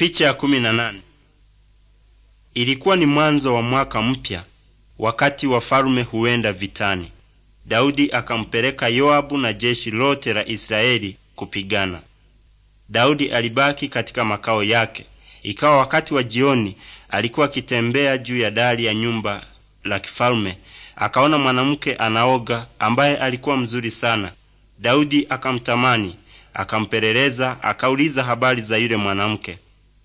Picha ya kumi na nane. Ilikuwa ni mwanzo wa mwaka mpya, wakati falume huenda vitani. Daudi akampeleka Yoabu na jeshi lote la Israeli kupigana. Daudi alibaki katika makao yake. Ikawa wakati wa jioni, alikuwa akitembea juu ya dari ya nyumba la kifalume akaona mwanamke anaoga ambaye alikuwa mzuri sana. Daudi akamtamani, akampeleleza, akauliza habari za yule mwanamke.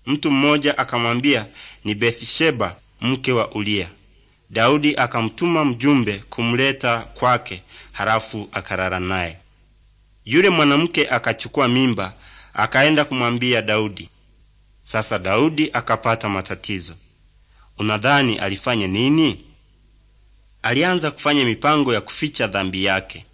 Mtu mmoja akamwambia, ni bethsheba mke wa uliya Daudi akamtuma mjumbe kumleta kwake, halafu akalala naye. Yule mwanamke akachukua mimba, akaenda kumwambia Daudi. Sasa Daudi akapata matatizo. Unadhani alifanya nini? Alianza kufanya mipango ya kuficha dhambi yake.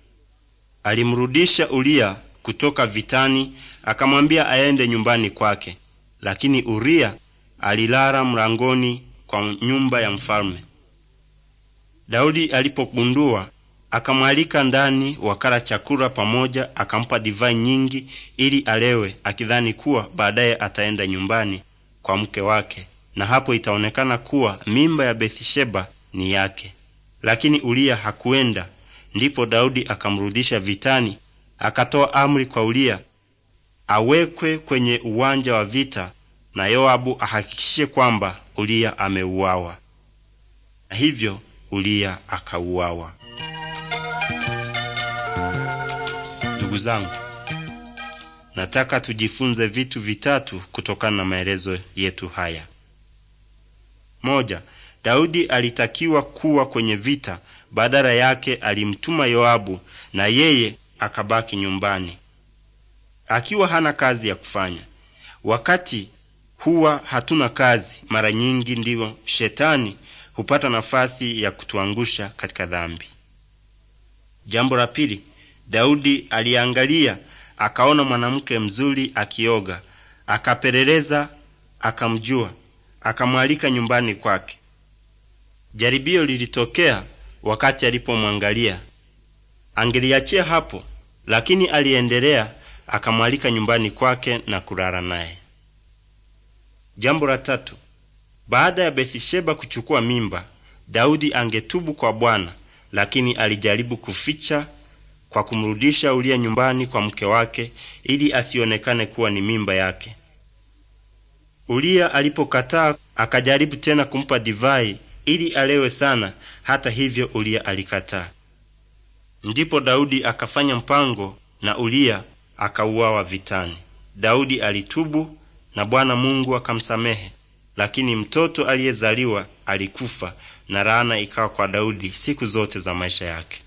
Alimrudisha uliya kutoka vitani, akamwambia aende nyumbani kwake. Lakini Uria alilala mlangoni kwa nyumba ya mfalme. Daudi alipogundua akamwalika ndani, wakala chakula pamoja, akampa divai nyingi ili alewe, akidhani kuwa baadaye ataenda nyumbani kwa mke wake na hapo itaonekana kuwa mimba ya Bethsheba ni yake. Lakini Uria hakuenda. Ndipo Daudi akamrudisha vitani, akatoa amri kwa Uria awekwe kwenye uwanja wa vita na Yoabu ahakikishe kwamba Ulia ameuawa. Na hivyo Ulia akauawa. Ndugu zangu, nataka tujifunze vitu vitatu kutokana na maelezo yetu haya. Moja, Daudi alitakiwa kuwa kwenye vita, badala yake alimtuma Yoabu na yeye akabaki nyumbani akiwa hana kazi ya kufanya. Wakati huwa hatuna kazi, mara nyingi ndiyo shetani hupata nafasi ya kutuangusha katika dhambi. Jambo la pili, Daudi aliangalia akaona mwanamke mzuri akioga, akapeleleza, akamjua, akamwalika nyumbani kwake. Jaribio lilitokea wakati alipomwangalia. Angeliachia hapo, lakini aliendelea akamwalika nyumbani kwake na kulala naye. Jambo la tatu, baada ya Bethsheba kuchukua mimba, Daudi angetubu kwa Bwana, lakini alijaribu kuficha kwa kumrudisha Uria nyumbani kwa mke wake ili asionekane kuwa ni mimba yake. Uria alipokataa, akajaribu tena kumpa divai ili alewe sana. Hata hivyo, Uria alikataa. Ndipo Daudi akafanya mpango na Uria akauawa vitani. Daudi alitubu na Bwana Mungu akamsamehe, lakini mtoto aliyezaliwa alikufa na laana ikawa kwa Daudi siku zote za maisha yake.